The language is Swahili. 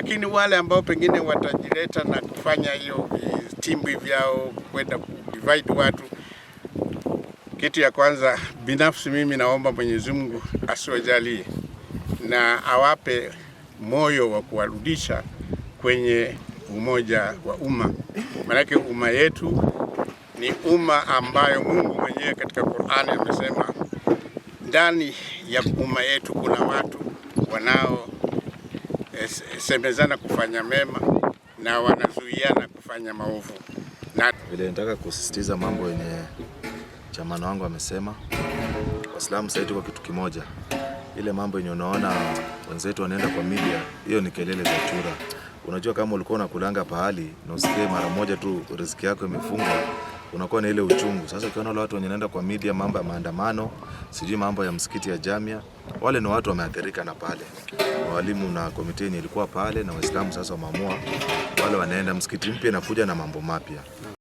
lakini wale ambao pengine watajileta na kufanya hiyo timbi vyao kwenda kudivide watu, kitu ya kwanza, binafsi mimi naomba Mwenyezi Mungu asiwajalie na awape moyo wa kuwarudisha kwenye umoja wa umma, maanake umma yetu ni umma ambayo Mungu mwenyewe katika Qur'ani amesema ndani ya umma yetu kuna watu wanao semezana kufanya mema na wanazuiana kufanya maovu. Na vile nataka kusisitiza mambo yenye chamano wangu amesema, Waislamu sasa tuko kitu kimoja. Ile mambo yenye unaona wenzetu wanaenda kwa media, hiyo ni kelele za chura. Unajua, kama ulikuwa unakulanga pahali na usikie mara moja tu riziki yako imefungwa unakuwa na ile uchungu. Sasa ukiona wale watu wenye naenda kwa media, mambo ya maandamano, sijui mambo ya msikiti ya Jamia, wale ni watu wameathirika na pale walimu na komitini ilikuwa pale na Waislamu sasa wameamua wale wanaenda msikiti mpya nakuja na mambo mapya.